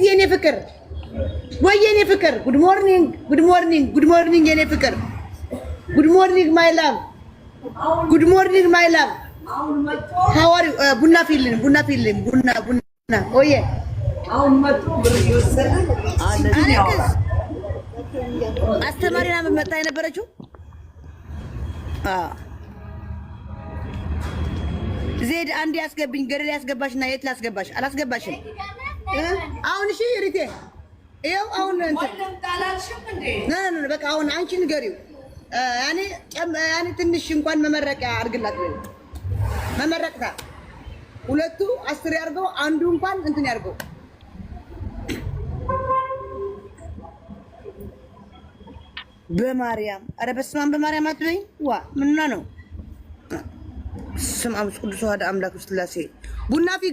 ሌሊት የኔ ፍቅር ወይ የኔ ፍቅር ጉድ ሞርኒንግ ጉድ ሞርኒንግ ጉድ ሞርኒንግ የኔ ፍቅር ጉድ ሞርኒንግ ማይ ላቭ ጉድ ሞርኒንግ ማይ ላቭ ሀዋሪ ቡና ፊልን ቡና ፊልን ቡና ቡና ኦዬ አስተማሪ ና መጣ የነበረችው ዜድ አንድ ያስገብኝ ገደል ያስገባሽ እና የት ላስገባሽ አላስገባሽም አሁን እሺ ሪቴ ይኸው አሁን እንትን በቃ አሁን አንቺ ንገሪው። ያኔ ያኔ ትንሽ እንኳን መመረቂያ አድርግላት ወይ መመረቅታ ሁለቱ አስር ያድርገው፣ አንዱ እንኳን እንትን ያድርገው። በማርያም አረ በስመ አብ በማርያም አትበይ። ዋ ምና ነው ስም አብ ቅዱስ ዋህድ አምላክ ስላሴ ቡና ፊ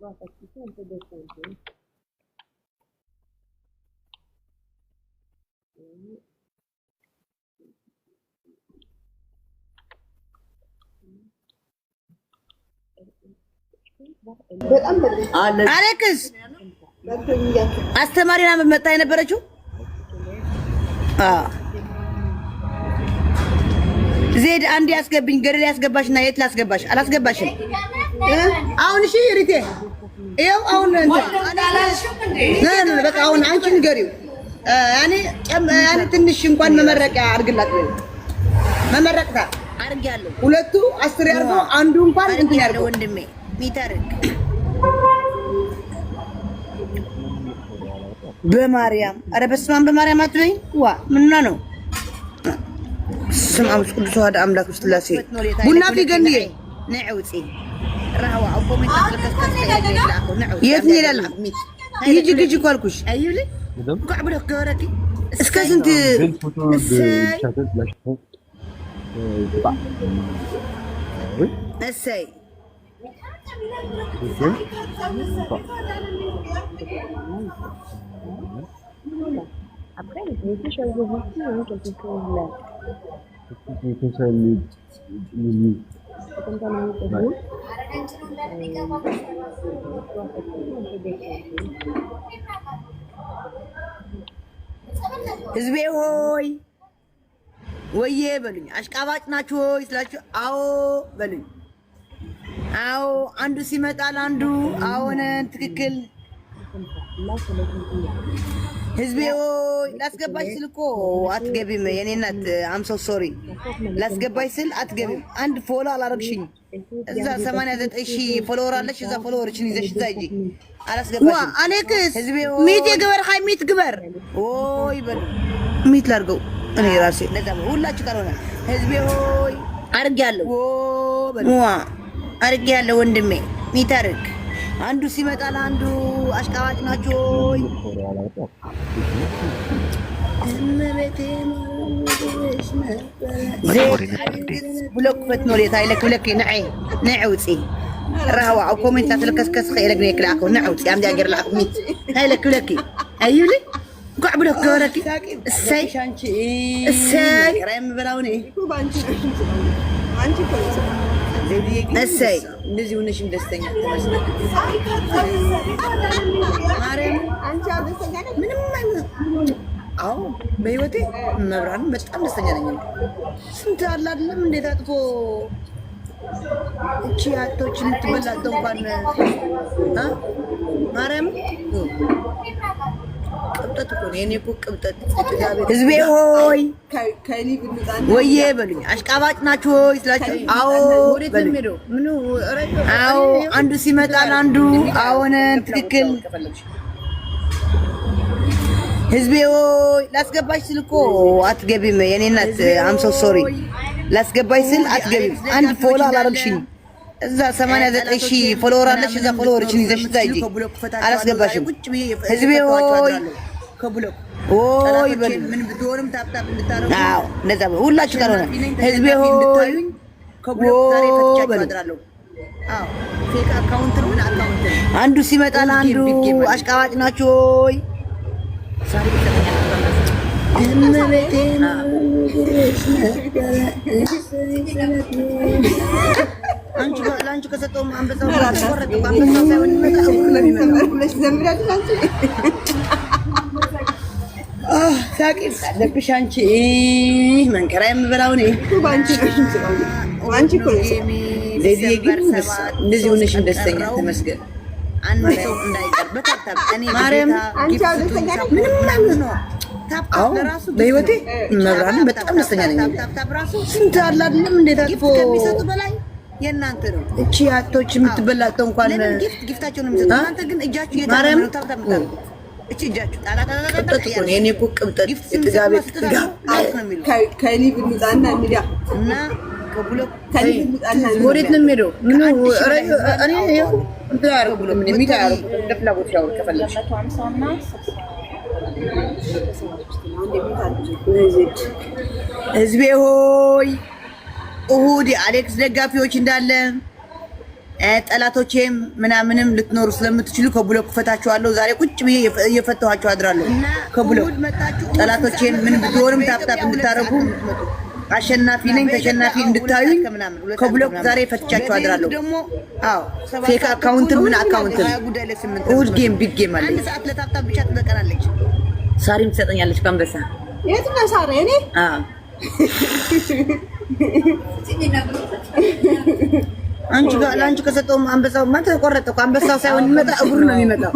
va perché sempre default quindi አለቅስ አስተማሪ ናመ መጣ የነበረችው ዜድ አንድ ያስገብኝ ገደል ያስገባሽ እና የት ላስገባሽ? አላስገባሽም። አሁን እሺ ሪቴ ይኸው አሁን በቃ አሁን አንቺ ንገሪው። ያኔ ትንሽ እንኳን መመረቂያ አድርግላት መመረቅታ አድርጊያለሁ። ሁለቱ አስር ያድርገው አንዱ እንኳን እንትን ያድርገው ወንድሜ ሚተርክ በማርያም አረ በስመ አብ በማርያም አትበይ። ዋ ምና ነው ስም አብ ቅዱስ ዋህድ አምላክ ውስጥ ቡና ፍሪ ገንዬ ነይ ውጪ راهو عبو من يثني آه، للعب أيوة، يجي يجي كلكش ايوه لي قعبوا لك كورتي اسكاز انت اساي Après, il était chez le quelque chose là. Quelque chose à lui. ህዝቤ ሆይ ወዬ በሉኝ። አሽቃባጭ ናችሁ ሆይ ስላችሁ አዎ በሉኝ። አዎ አንዱ ሲመጣል አንዱ አዎነን ትክክል ህዝቤ ሆይ ላስገባሽ ስል እኮ አትገቢም። የኔ እናት ሶሪ ላስገባሽ ስል አትገቢም። አንድ ፎሎ አላረግሽኝ። እዛ 89 ሺህ ፎሎወር አለሽ። እዛ ይዘሽ እዛ አላስገባሽም። አሌክስ ሚት ሀይ ሚት ግበር በል ሚት እኔ ራሴ ሁላችሁ ካልሆነ ህዝቤ ሆይ አርግ ያለው አርግ ያለው ወንድሜ ሚት አርግ አንዱ ሲመጣ ለአንዱ አሽቃባጭ ናቸው። ብሎክበት ኖሌታ ኢለክ ብለክ ንዐ ንዐ ውፅ ራህዋ ኣብ ኮሜንታት ልከስከስ ክእለ ግን ክልኣክ ንዐ ውፅ ኣምዚ ገር ልኣክ ሚት ኢለክ ብለክ ኣይብል ጉዕ ብሎክ ገበረኪ እሰይ እሰይ ራይ ምበላውኒ እሰይ እንደዚህ ሆነሽም ደስተኛ ምንም አዎ፣ በህይወቴ መብራን በጣም ደስተኛ ነኝ። ስንት አለ አይደለም እንዴት አጥፎ እቺ አቶች የምትበላቸው እንኳን ማርያም ቁብጠት እኮ ነው የኔ እኮ ህዝቤ ሆይ ወዬ በሉኝ። አሽቃባጭ ናችሁ ሆይ ስላችሁ፣ አዎ አዎ። አንዱ ሲመጣን አንዱ አዎነን፣ ትክክል። ህዝቤ ሆይ ላስገባሽ ስል እኮ አትገቢም። የኔ እናት ሶሪ። ላስገባሽ ስል አትገቢም። አንድ ፎሎ አላረግሽኝ እዛ 89 ሺህ ፎሎወር አለሽ። እዛ ፎሎወርሽን ይዘሽ እዛ ሂጂ። አላስገባሽም። ህዝቤ ሆይ ከብሎክ ኦይ ሁላችሁ ጋር ሆነ ህዝቤ ሆይ አንዱ ሲመጣ ለአንዱ አሽቃባጭ ናችሁ። ኦይ ለአንቺ ከሰጠው አንበሳው ሳቂ አለብሽ አንቺ መንቀራ የምበላው እኔ እንደዚህ ሆነሽ ደስተኛ ተመስገን። በህይወቴ መብራን በጣም ደስተኛ ነኝ። ስንት አለ አይደለም እንዴት አጥፎ የእናንተ ነው እቺ አቶች የምትበላጠው እንኳን ማርያም እቺ እጃችሁ እኔ ህዝቤ ሆይ እሁድ የአሌክስ ደጋፊዎች ጠላቶቼም ምናምንም ልትኖሩ ስለምትችሉ ከብሎ ክፈታችኋለሁ። ዛሬ ቁጭ ብዬ እየፈተኋቸው አድራለሁ። ከብሎ ጠላቶቼን ምን ብትሆንም ታፕታፕ እንድታረጉ አሸናፊ ነኝ ተሸናፊ እንድታዩኝ ከብሎክ ዛሬ ፈትቻቸው አድራለሁ። አዎ ፌክ አካውንትም ምን አካውንትም እሑድ ጌም ቢግ ጌም አለ። ሳሪም ትሰጠኛለች ከአንበሳ የት ነው ሳሪ? እኔ አንቺ ጋር ለአንቺ ከሰጠው አንበሳው ማን ተቆረጠ እኮ አንበሳው ሳይሆን የሚመጣ እግሩ ነው የሚመጣው።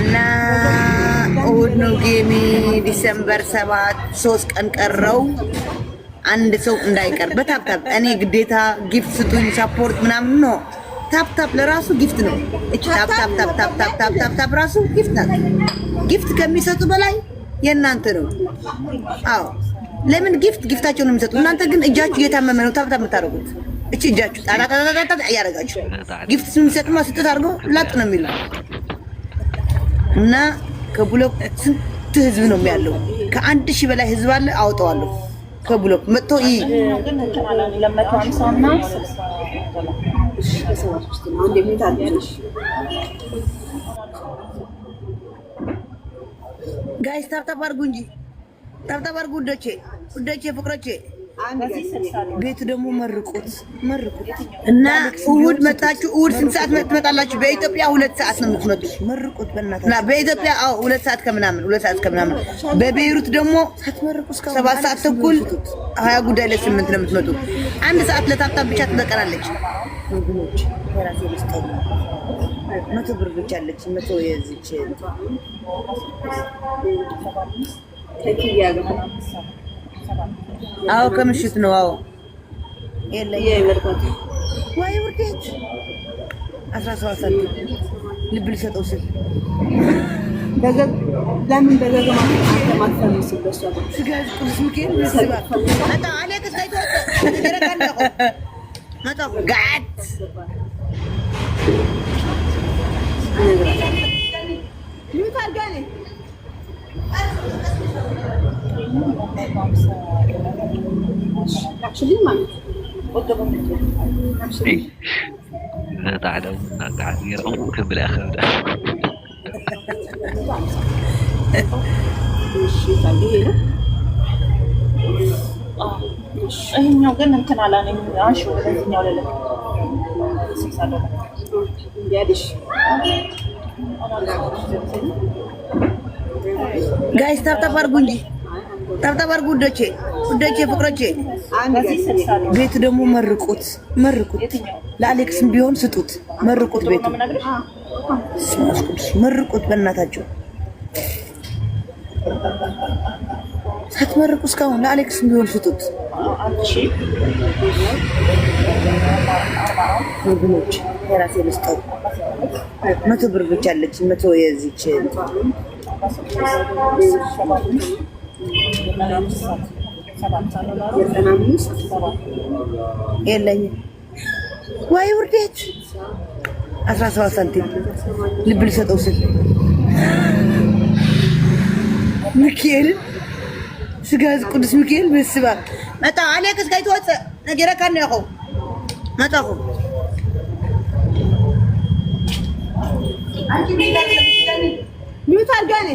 እና እሑድ ነው ጌሜ ዲሰምበር ሰባት ሶስት ቀን ቀረው። አንድ ሰው እንዳይቀር በታፕታፕ እኔ ግዴታ ጊፍት ስጡኝ ሳፖርት ምናምን ነው። ታፕታፕ ለራሱ ጊፍት ነው። እቺ ታፕታፕ ታፕታፕ ታፕታፕ ራሱ ጊፍት ናት። ጊፍት ከሚሰጡ በላይ የእናንተ ነው። አዎ ለምን ጊፍት ጊፍታቸው ነው የሚሰጡት? እናንተ ግን እጃችሁ እየታመመ ነው ታብታ የምታደርጉት። እቺ እጃችሁ ጣጣጣጣጣ እያደረጋችሁ ጊፍት የሚሰጡማ ስጥት አድርገው ላጥ ነው የሚሉ እና ከብሎክ ስንት ህዝብ ነው የሚያለው? ከአንድ ሺህ በላይ ህዝብ አለ። አውጠዋለሁ ከብሎክ መጥቶ ይ ጋይስ ታብታብ አድርጉ እንጂ ታብታብ አድርጉ። ውዶቼ ውዶቼ ፍቅሮቼ ቤቱ ደግሞ መርቁት መርቁት እና እሑድ መጣችሁ። እሑድ ስንት ሰዓት ትመጣላችሁ? በኢትዮጵያ ሁለት ሰዓት ነው የምትመጡት። መርቁት በእናትህ። በኢትዮጵያ አዎ፣ ሁለት ሰዓት ከምናምን ሁለት ሰዓት ከምናምን። በቤይሩት ደግሞ ሰባት ሰዓት ተኩል ሀያ ጉዳይ ለስምንት ነው የምትመጡት። አንድ ሰዓት ለታብታብ ብቻ ትበቀናለች። መቶ ብር ብቻ አለች። መቶ የዚች አዎ፣ ከምሽት ነው። አዎ የለ ወይ ውርዴት አስራ ሰባት ሰዓት ልብ ልሰጠው ስል ለምን በዘገማ ስጋ تعالوا تعالوا يرقوك بالاخر ده ይሄኛው ግን እንትን አላነኝ አንሺው ለዚህኛው ለለ ስልሳ ዶላር ጋይስ ታብታብ አድርጉ እንጂ ታብታብ አድርጉ ውዶቼ፣ ውዶቼ፣ ፍቅሮቼ። ቤቱ ደግሞ መርቁት፣ መርቁት። ለአሌክስም ቢሆን ስጡት፣ መርቁት። ቤቱ መርቁት፣ በእናታቸው ሳትመርቁ እስካሁን ለአሌክስ ቢሆን ስጡት። ምግቦች የራሴ ልስጠው። መቶ ብር ብቻ አለች። መቶ የዚች የለኝም። ዋይ ውርዴት! አስራ ሰባት ሳንቲም ልብ ልሰጠው ስል ሚካኤልን ስጋ ቅዱስ ሚካኤል መስባ መጣ አሌክስ ጋር ይተወፅእ ነገረካ እኒአኹ መጣኹ ሚዩት አድርጋኒ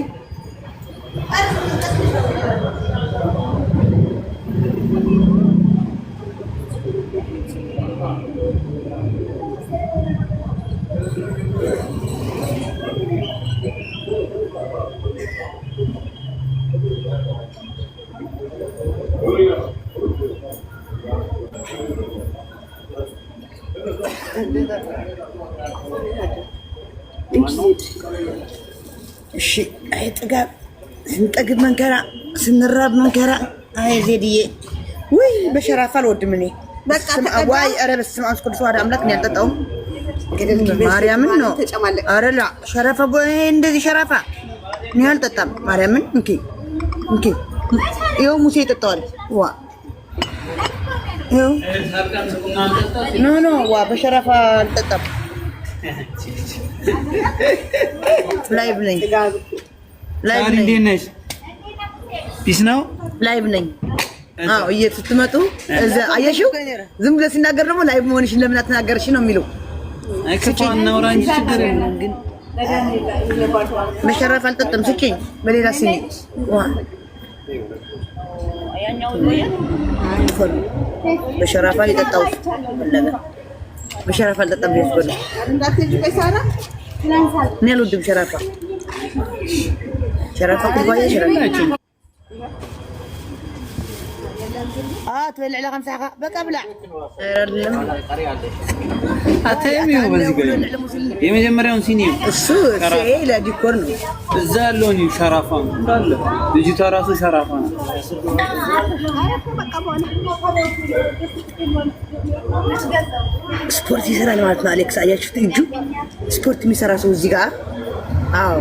እሺ አይ ስንጠግብ መንከራ፣ ስንራብ መንከራ። አይ ዜድዬ ውይ በሸራፍ አልወድም እኔ ዋይ። ኧረ በስመ አብ ቅዱስ ዋህድ አምላክ ነው ያልጠጣውም ማርያምን ነው። ኧረ ላ ሸራፋ እንደዚህ ሸራፋ እኔ አልጠጣም ማርያምን። እንኪ እንኪ ይኸው ሙሴ ይጠጣዋል። ዋ ኖ ኖ ዋ በሸራፋ አልጠጣም ላይቭ ነኝ። ላይቭ ነኝ። እንዴት ነሽ? ፒስ ነው። ላይቭ ነኝ። አዎ እየትትመጡ እዛ አየሽው። ዝም ብለህ ሲናገር ደግሞ ላይቭ መሆንሽን ለምን አትናገርሽ ነው የሚለው። ክፋን ነውራ እንጂ ችግር የለም ግን መሸረፍ አልጠጥም። ስጭኝ በሌላ ሲኒ መሸረፋ የጠጣሁት በሸራፋ አልጠጣም። እኔ አልወድም ሸራፋ ሸራፋ ኩባያ ሸራፋ ትበልዕ ለከምሳኻ በቃ ብላዕ የመጀመሪያውን ሲኒ እሱ ለዲኮር ነው። እዛ ያለውን ሸራፋ ነው እንዳለ ልጅቷ ራሱ ሸራፋ ነው። ስፖርት ይሰራል ማለት ነው። አሌክስ አያችሁት? እጁ ስፖርት የሚሰራ ሰው እዚህ ጋር አዎ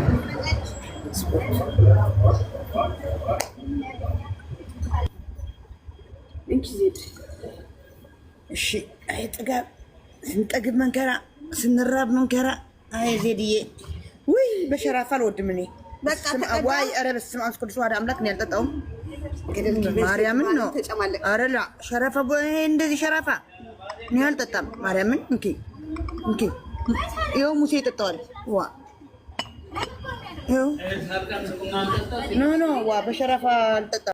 እሺ፣ አይ ጥጋብ ስንጠግብ መንከራ፣ ስንራብ መንከራ። አይ ዜድዬ ውይ በሸራፍ አልወድም እኔ ዋይ ኧረ በስመ አብ ቅዱስ ዋህድ አምላክ ያልጠጣውም ማርያምን ነው። ኧረ ላ ሸራፋ እንደዚህ ሸራፋ እኔ አልጠጣም ማርያምን። እንኪ እንኪ ይኸው ሙሴ ይጠጣዋል። ዋ ኖ ኖ ዋ በሸራፋ አልጠጣም።